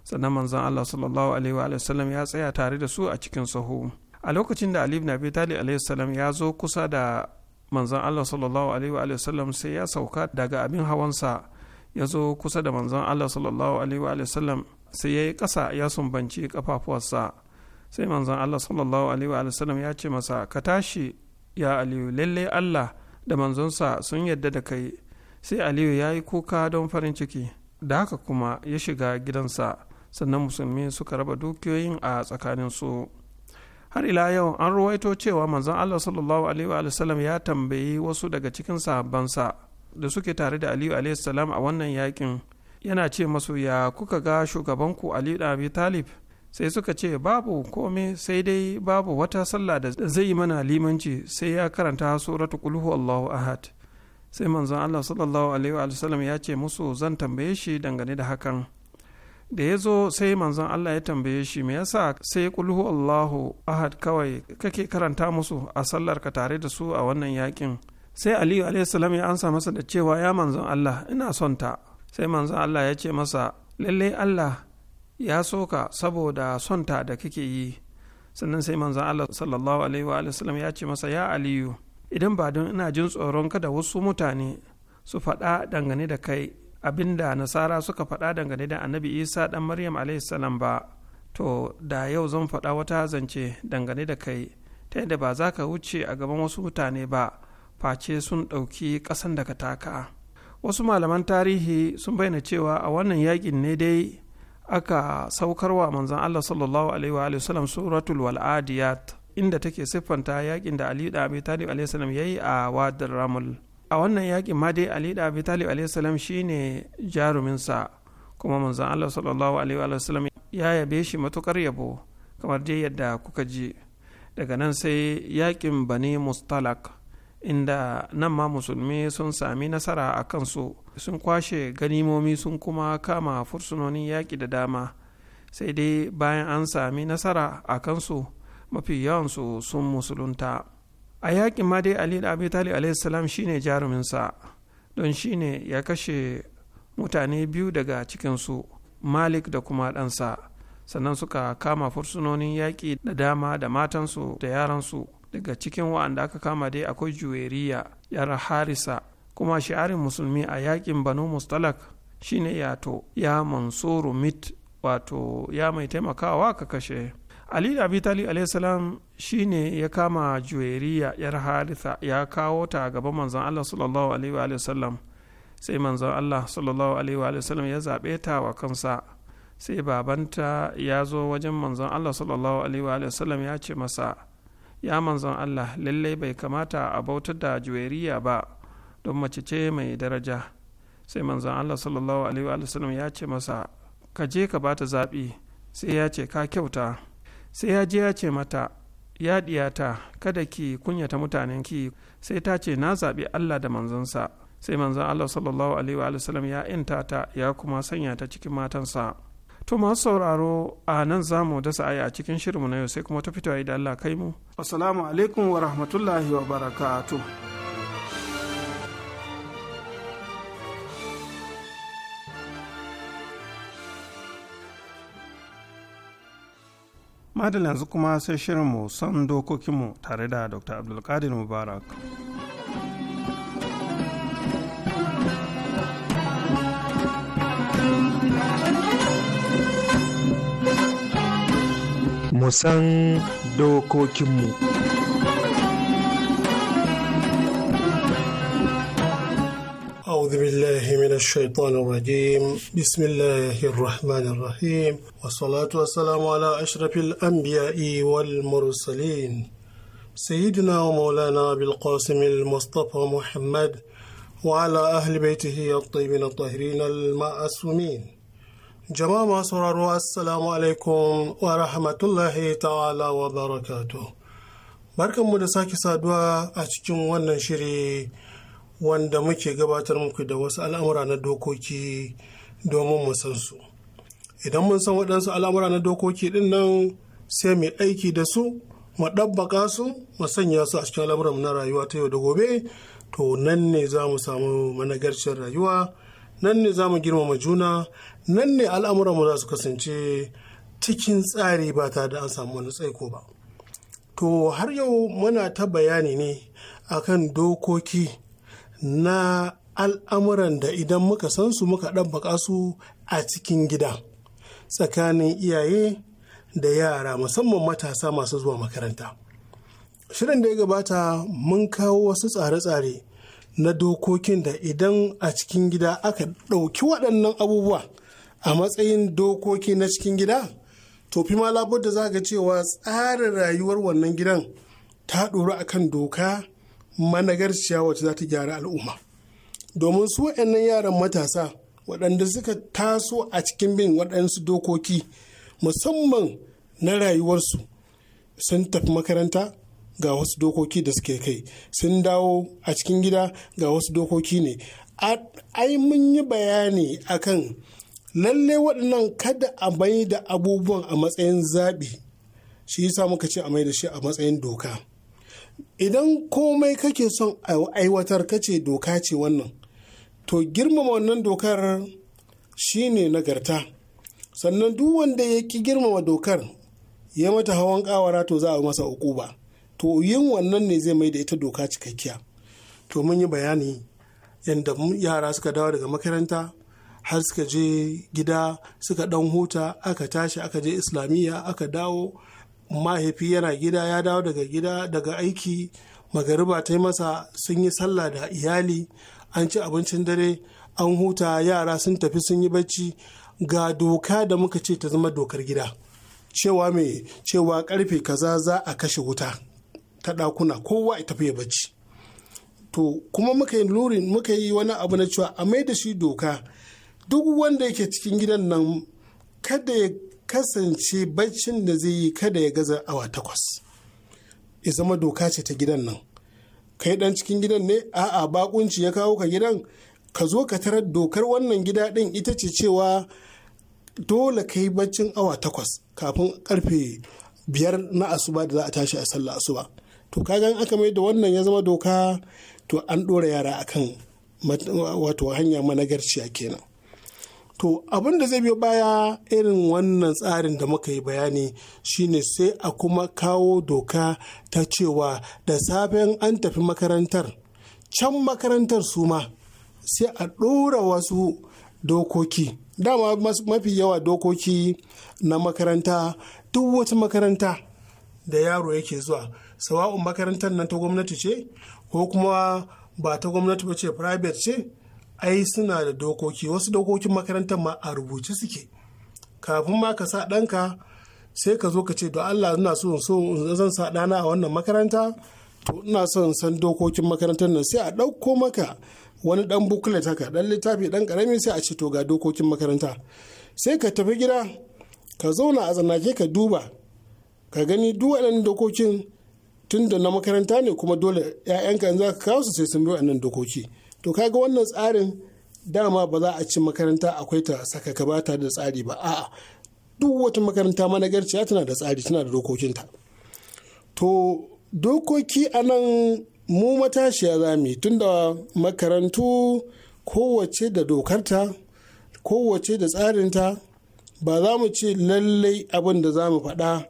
sannan manzon allah sallallahu alaihi wa sallam ya tsaya tare da su a cikin sahu a lokacin da ali ibn abi talib alaihi sallam ya zo kusa da manzon allah sallallahu alaihi wa sallam sai ya sauka daga abin hawansa ya zo kusa da manzon allah sallallahu alaihi wa sallam sai ya yi kasa ya sumbanci kafafuwarsa sai manzon allah sallallahu alaihi wa sallam ya ce masa ka tashi ya aliyu lalle allah da manzonsa sun yadda da kai sai aliyu ya yi kuka don farin ciki da haka kuma ya shiga gidansa sannan musulmi suka raba dukiyoyin a tsakaninsu har ila yau an ruwaito cewa manzon allah sallallahu alaihi wa sallam ya tambayi wasu daga cikin sahabbansa da suke tare da aliyu alaihi salam a wannan yakin yana ce masu ya kuka ga shugabanku aliyu da abi talib sai suka ce babu komai sai dai babu wata sallah da zai mana limanci sai ya karanta suratu kulhu Allahu ahad sai manzon Allah sallallahu alaihi wa sallam ya ce musu zan tambaye shi dangane da hakan da ya zo sai manzon Allah ya tambaye shi me yasa sai kulhu Allahu ahad kawai kake karanta musu a sallar ka tare da su a wannan yakin sai Aliyu alaihi salam ya ansa masa da cewa ya manzon Allah ina son ta sai manzon Allah ya ce masa lallai Allah ya so ka saboda sonta da kake yi sannan sai manzan Allah sallallahu alaihi wa sallam ya ce masa ya aliyu idan ba don ina jin tsoron kada wasu mutane su faɗa dangane da kai abinda nasara suka faɗa dangane da annabi isa ɗan maryam alaihi salam ba to da yau zan faɗa wata zance dangane da kai ta yadda ba za ka wuce a gaban wasu mutane ba face sun ɗauki ƙasan da ka taka wasu malaman tarihi sun bayyana cewa a wannan yakin ne dai aka saukarwa manzon Allah sallallahu alaihi wa Wasallam suratul wal'adiyat inda take siffanta yakin da Ali da Abi Talib alaihi salam yayi a Wadar Ramul a wannan yakin ma dai Ali da Abi Talib alaihi salam shine jarumin sa kuma manzon Allah sallallahu alaihi wa sallam ya yabe shi matukar yabo kamar dai yadda kuka ji daga nan sai yakin Bani Mustalak inda nan ma musulmi sun sami nasara a kansu sun kwashe ganimomi sun kuma kama fursunonin yaƙi da dama sai dai bayan an sami nasara a kansu mafi yawansu sun musulunta a yaƙin ma dai ali da abi talib salam shine jaruminsa don shine ya kashe mutane biyu daga cikinsu malik da kuma ɗansa sannan suka kama fursunonin yaƙi da dama da matansu da yaransu daga cikin wa'anda aka kama dai akwai juweriya yar harisa kuma shi'arin musulmi a yakin banu mustalak shine yato ya mansuru mit wato ya mai taimakawa ka kashe ali da abi talib alaihissalam shine ya kama juweriya yar haritha ya kawo ta gaban manzon allah sallallahu alaihi wa sallam sai manzon allah sallallahu alaihi wa sallam ya zaɓe ta wa kansa sai babanta ya zo wajen manzon allah sallallahu alaihi wa sallam ya ce masa ya manzon Allah lallai bai kamata a bautar da juweriya ba don mace ce mai daraja sai manzon Allah sallallahu alaihi wa ya ce masa ka je ka bata zaɓi sai ya ce ka kyauta sai ya je ya ce mata ya diyata kada ki kunyata mutanen ki sai ta ce na zaɓi Allah da manzonsa sai manzon Allah sallallahu alaihi wa ya inta ta ya kuma sanya ta cikin matansa To masu sauraro a nan za mu dasa aya a cikin shirinmu na yau sai kuma ta fito da Allah kai mu. Assalamu alaikum wa rahmatullahi wa barakatu. Madalla yanzu kuma sai shirinmu son dokokinmu tare da Dr. Abdulkadir Mubarak. mu san dokokinmu أعوذ بالله من الشيطان الرجيم بسم الله الرحمن الرحيم والصلاة والسلام على أشرف الأنبياء والمرسلين سيدنا ومولانا أبي القاسم المصطفى محمد وعلى أهل بيته الطيبين الطاهرين المعصومين Jama'a masu sauraro Assalamu alaikum wa rahmatullahi ta'ala wa barakatu. Barkanmu da sake saduwa a cikin wannan shiri wanda muke gabatar muku da wasu al'amura na dokoki domin mu san su. Idan mun san waɗansu al'amura na dokoki ɗin nan sai mu aiki da su, mu ɗabbaka su, mu sanya su a cikin al'amura na rayuwa ta yau da gobe, to nan ne za mu samu managarcin rayuwa, nan ne za mu girmama juna, nan ne al'amuranmu za su kasance cikin tsari ba tare da an samu wani tsaiko ba to har yau muna ta bayani ne akan dokoki na al'amuran da idan muka san su muka ɗabbaka su a cikin gida tsakanin iyaye da yara musamman matasa masu zuwa makaranta shirin da ya gabata mun kawo wasu tsare-tsare na dokokin da idan a cikin gida aka ɗauki waɗannan abubuwa a matsayin dokoki na cikin gida to fi ma da za ga cewa tsarin rayuwar wannan gidan ta ɗoru kan doka managarciya wacce za ta gyara al'umma domin su waɗannan yaran matasa waɗanda suka taso a cikin bin waɗansu dokoki musamman na rayuwarsu sun tafi makaranta ga wasu dokoki da suke kai sun dawo a cikin gida ga wasu dokoki ne ai mun yi bayani akan lalle waɗannan kada a mai da abubuwan a matsayin zaɓi shi yasa muka ce a mai da shi a matsayin doka idan komai kake son aiwatar kace doka ce wannan to girmama wannan dokar shi ne nagarta sannan duk wanda ya ki girmama dokar ya mata hawan kawara to za a masa ba to yin wannan ne zai mai da ita doka cikakkiya to mun yi bayani yadda yara suka dawo daga makaranta har suka je gida suka dan huta aka tashi aka je islamiyya aka dawo mahaifi yana gida ya dawo daga gida daga aiki magariba ta yi masa sun yi sallah da iyali an ci abincin dare an huta yara sun tafi sun yi bacci ga doka da muka ce ta zama dokar gida cewa mai cewa karfe kaza za a kashe wuta ta ɗakuna kowa ya tafi ya bacci to kuma muka yi lurin muka yi wani abu na cewa a mai da shi doka duk wanda yake cikin gidan nan kada ya kasance baccin da zai yi kada ya gaza awa takwas ya zama doka ce ta gidan nan kai dan cikin gidan ne a'a bakunci ya kawo ka gidan ka zo ka tarar dokar wannan gida din ita ce cewa dole ka yi baccin awa takwas kafin karfe biyar na asuba da za a tashi a sallah asuba to ka kagan aka mai da wannan ya zama doka to an ɗora yara akan wato hanya managarciya kenan to abin da zai biyo baya irin wannan tsarin da muka yi bayani shine sai a kuma kawo doka ta cewa da safen an tafi makarantar can makarantar su ma sai a ɗora wasu dokoki dama mafi yawa dokoki na makaranta duk wata makaranta da yaro yake zuwa sawa'un makarantar nan ta gwamnati ce ko kuma ba ta gwamnati ba ce private ce ai suna da dokoki wasu dokokin makarantar ma a rubuce suke kafin ma ka sa ɗanka sai ka zo ka ce don allah ina so so zan sa ɗana a wannan makaranta to ina in san dokokin makarantar nan sai a ɗauko maka wani ɗan buklet haka ɗan littafi ɗan ƙarami sai a ce to ga dokokin makaranta sai ka tafi gida ka zauna a tsanake ka duba ka gani duk waɗannan dokokin tun na makaranta ne kuma dole 'ya'yanka in za ka kawo su sai sun bi waɗannan dokoki to kaga wannan tsarin dama ba za a ci makaranta akwai ta saka ka bata da tsari ba a'a duk wata makaranta managarciya tana da tsari tana da dokokinta to dokoki a nan mu matashiya za mu tunda makarantu kowace da dokarta kowace da tsarinta ba za mu ce lallai abin da za mu faɗa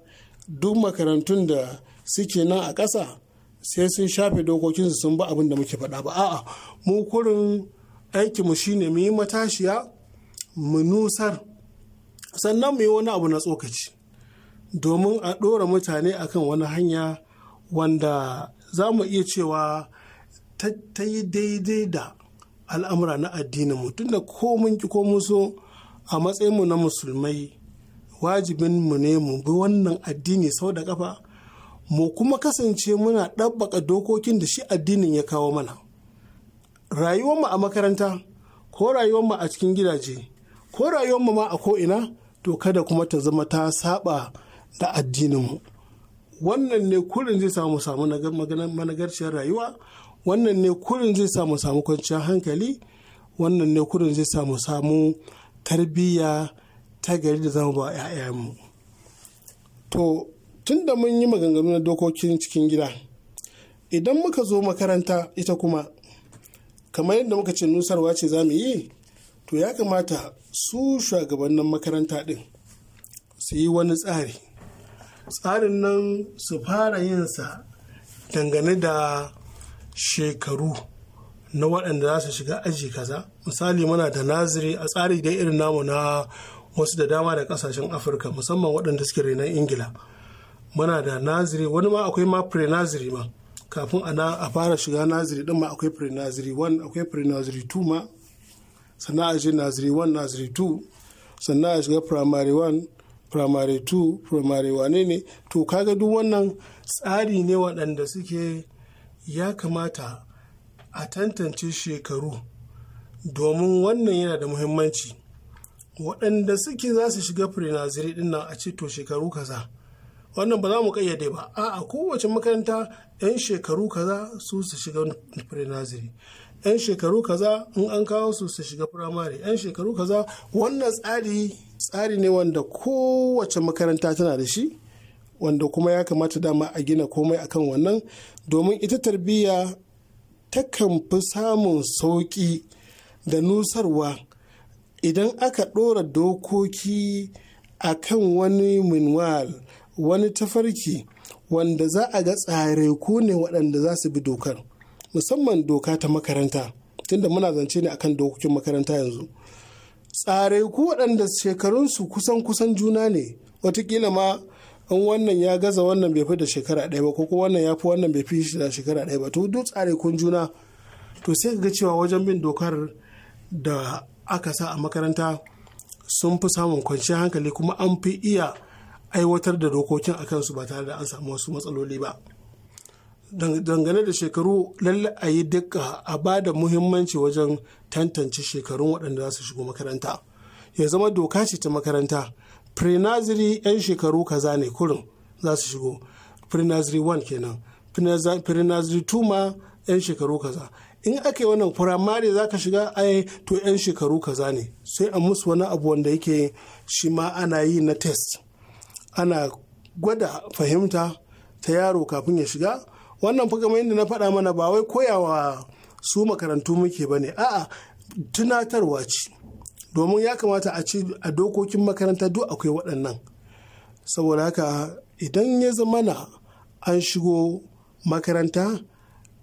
duk makarantun da suke nan a ƙasa sai sun shafe dokokinsu sun bi abin da muke faɗa ba a'a mu kurin mu shine mu yi matashiya mu nusar sannan mu yi wani abu na tsokaci domin a ɗora mutane akan wani hanya wanda za mu iya cewa ta yi daidai da al'amura na addinin mu tunda ko mun ki ko mun so a matsayinmu na musulmai wajibin mu ne mu bi wannan addini sau da kafa mu kuma kasance muna ɗabbaka dokokin da shi addinin ya kawo mana rayuwarmu a makaranta ko rayuwarmu a cikin gidaje ko rayuwarmu ma a ko'ina to kada kuma ta zama ta saba da addininmu wannan ne kurin zai samu samu managarciyar rayuwa wannan ne kurin zai samu samu kwanciyar hankali wannan ne kurin zai samu samu tarbiyya ta gari da zama ba 'ya'yanmu to tun da mun yi maganganu na dokokin cikin gida idan muka zo makaranta ita kuma kamar yadda muka ce nusarwa ce za mu yi to ya kamata su shugabannin makaranta din su yi wani tsari tsarin nan su fara yin sa dangane da shekaru na waɗanda za su shiga aji kaza misali muna da naziri a tsari dai irin namu na wasu da dama da ƙasashen afirka musamman waɗanda suke renon ingila muna da naziri wani ma akwai ma pre-naziri ma kafin ana a fara shiga naziri din ma akwai pre-naziri 1 akwai pre-naziri 2 ma sannan a je naziri 1 naziri 2 sannan a shiga primary 1 primary 2 primary 1 ne to kaga duk wannan tsari ne waɗanda suke ya kamata a tantance shekaru domin wannan yana da muhimmanci waɗanda suke za su shiga pre-naziri din nan a ce to shekaru kaza za wannan ba za mu kayyade ba a kowace makaranta 'yan shekaru kaza su su shiga pre-naziri 'yan shekaru kaza in an kawo su su shiga firamare 'yan shekaru kaza wannan tsari tsari ne wanda kowace makaranta tana da shi wanda kuma ya kamata dama a gina komai akan wannan domin ita tarbiyya takan fi samun sauƙi da nusarwa idan aka ɗora dokoki akan wani minwal wani tafarki wanda za a ga tsare ku ne waɗanda za su bi dokar musamman doka ta makaranta tunda muna zance ne akan dokokin makaranta yanzu tsare ku waɗanda shekarunsu kusan kusan juna ne watakila ma in wannan ya gaza wannan bai fi da shekara ɗaya ba ko kuma wannan ya fi wannan bai fi da shekara ɗaya ba to duk tsare kun juna to sai ga cewa wajen bin dokar da aka sa a makaranta sun fi samun kwanciyar hankali kuma an fi iya aiwatar da dokokin a kansu ba tare da an samu wasu matsaloli ba dangane da shekaru lalle a yi duka a ba da muhimmanci wajen tantance shekarun waɗanda za su shigo makaranta ya zama doka ce ta makaranta pre-nursery 'yan shekaru kaza ne kurin za su shigo pre-nursery 1 kenan pre-nursery 2 ma 'yan shekaru kaza in aka yi wannan firamare za ka shiga ai to 'yan shekaru kaza ne sai a musu wani abu wanda yake shi ma ana yi na test ana gwada fahimta ta yaro kafin ya shiga wannan fa kamar yadda na faɗa mana ba wai koyawa su makarantu muke ba ne a'a tunatarwa ce domin ya kamata a ci a dokokin makaranta duk akwai waɗannan saboda haka idan ya zamana an shigo makaranta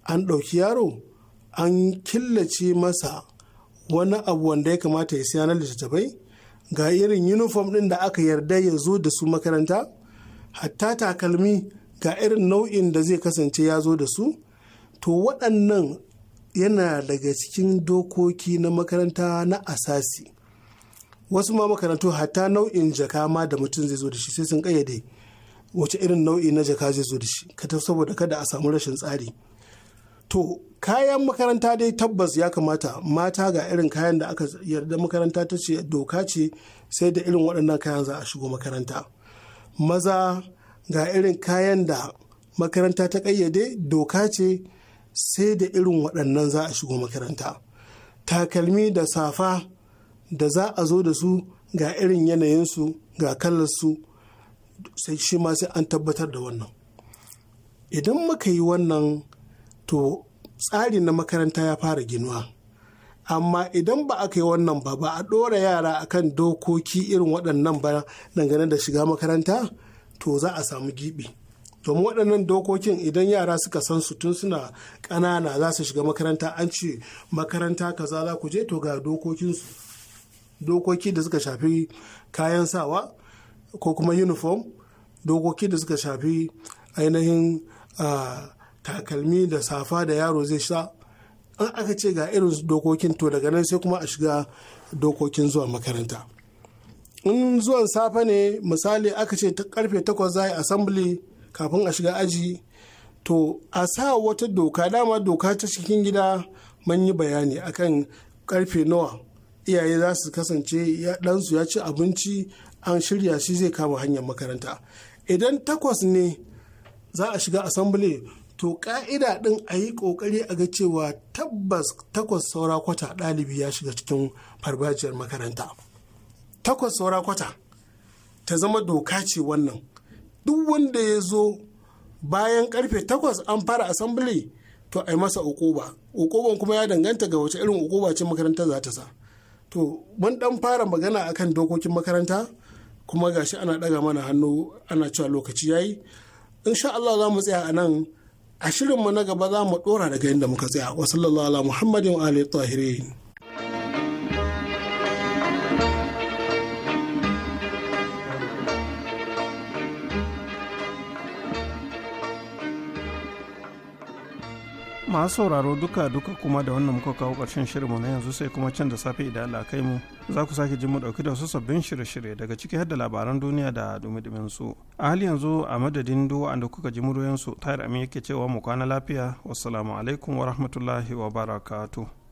an ɗauki yaro an killace masa wani abu wanda ya kamata ya siya na littattafai ga irin uniform ɗin da aka yarda ya zo da su makaranta hatta takalmi ga irin nau'in da zai kasance ya zo da su to waɗannan yana daga cikin dokoki na makaranta na asasi wasu ma makarantu hatta nau'in jaka ma da mutum zai zo da shi sai sun ƙayyade wace irin nau'i na jaka zai zo da shi saboda kada a samu rashin tsari to kayan makaranta dai tabbas ya kamata mata ga irin kayan da aka yarda makaranta ta ce doka ce sai da irin waɗannan kayan za a shigo makaranta maza ga irin kayan da makaranta ta ƙayyade doka ce sai da irin waɗannan za a shigo makaranta takalmi da safa da za a zo da su ga irin yanayinsu ga kallarsu sai shi ma sai an tabbatar da wannan idan muka yi wannan to tsari na makaranta ya fara ginuwa amma idan ba aka yi wannan ba ba a ɗora yara a kan dokoki irin waɗannan ba dangane da shiga makaranta to za a samu giɓi domin waɗannan dokokin idan yara suka san su tun suna ƙanana za su shiga makaranta an ce makaranta kaza za ku je to ga dokokinsu dokoki da suka shafi kayan sawa ko kuma uniform dokoki da suka shafi ainihin uh, takalmi da safa da yaro zai sha in aka ce ga irin dokokin to daga nan sai kuma a shiga dokokin zuwa makaranta in zuwan safe ne misali aka ce karfe takwas za a yi assembly kafin a shiga aji to a sa wata doka dama doka ta cikin gida mun yi bayani akan karfe nawa iyaye za su kasance ɗansu ya ci abinci an shirya shi zai kama hanyar makaranta idan takwas ne za a shiga assembly to ka'ida ɗin a yi ƙoƙari a ga cewa tabbas takwas saura kwata ɗalibi ya shiga cikin farfajiyar makaranta takwas saura kwata ta zama doka ce wannan duk wanda ya zo bayan karfe takwas an fara asambili to a yi masa ukuba ukuban kuma ya danganta ga wace irin ukuba ce makaranta za ta sa to mun dan fara magana akan dokokin makaranta kuma gashi ana ɗaga mana hannu ana cewa lokaci yayi sha Allah za mu tsaya a nan a shirinmu na gaba za mu dora daga inda muka tsaya wa lallala muhammadin wa alihi tahirin masu sauraro duka duka kuma da wannan muka kawo ƙarshen shirinmu na yanzu sai kuma can da safe idan Allah kai mu za ku sake jin mu dauki da wasu sabbin shirye-shirye daga ciki har da labaran duniya da dumi su a hali yanzu a madadin duwa da kuka ji muryoyin su tayar amin yake cewa mu kwana lafiya wassalamu alaikum wa rahmatullahi wa barakatuh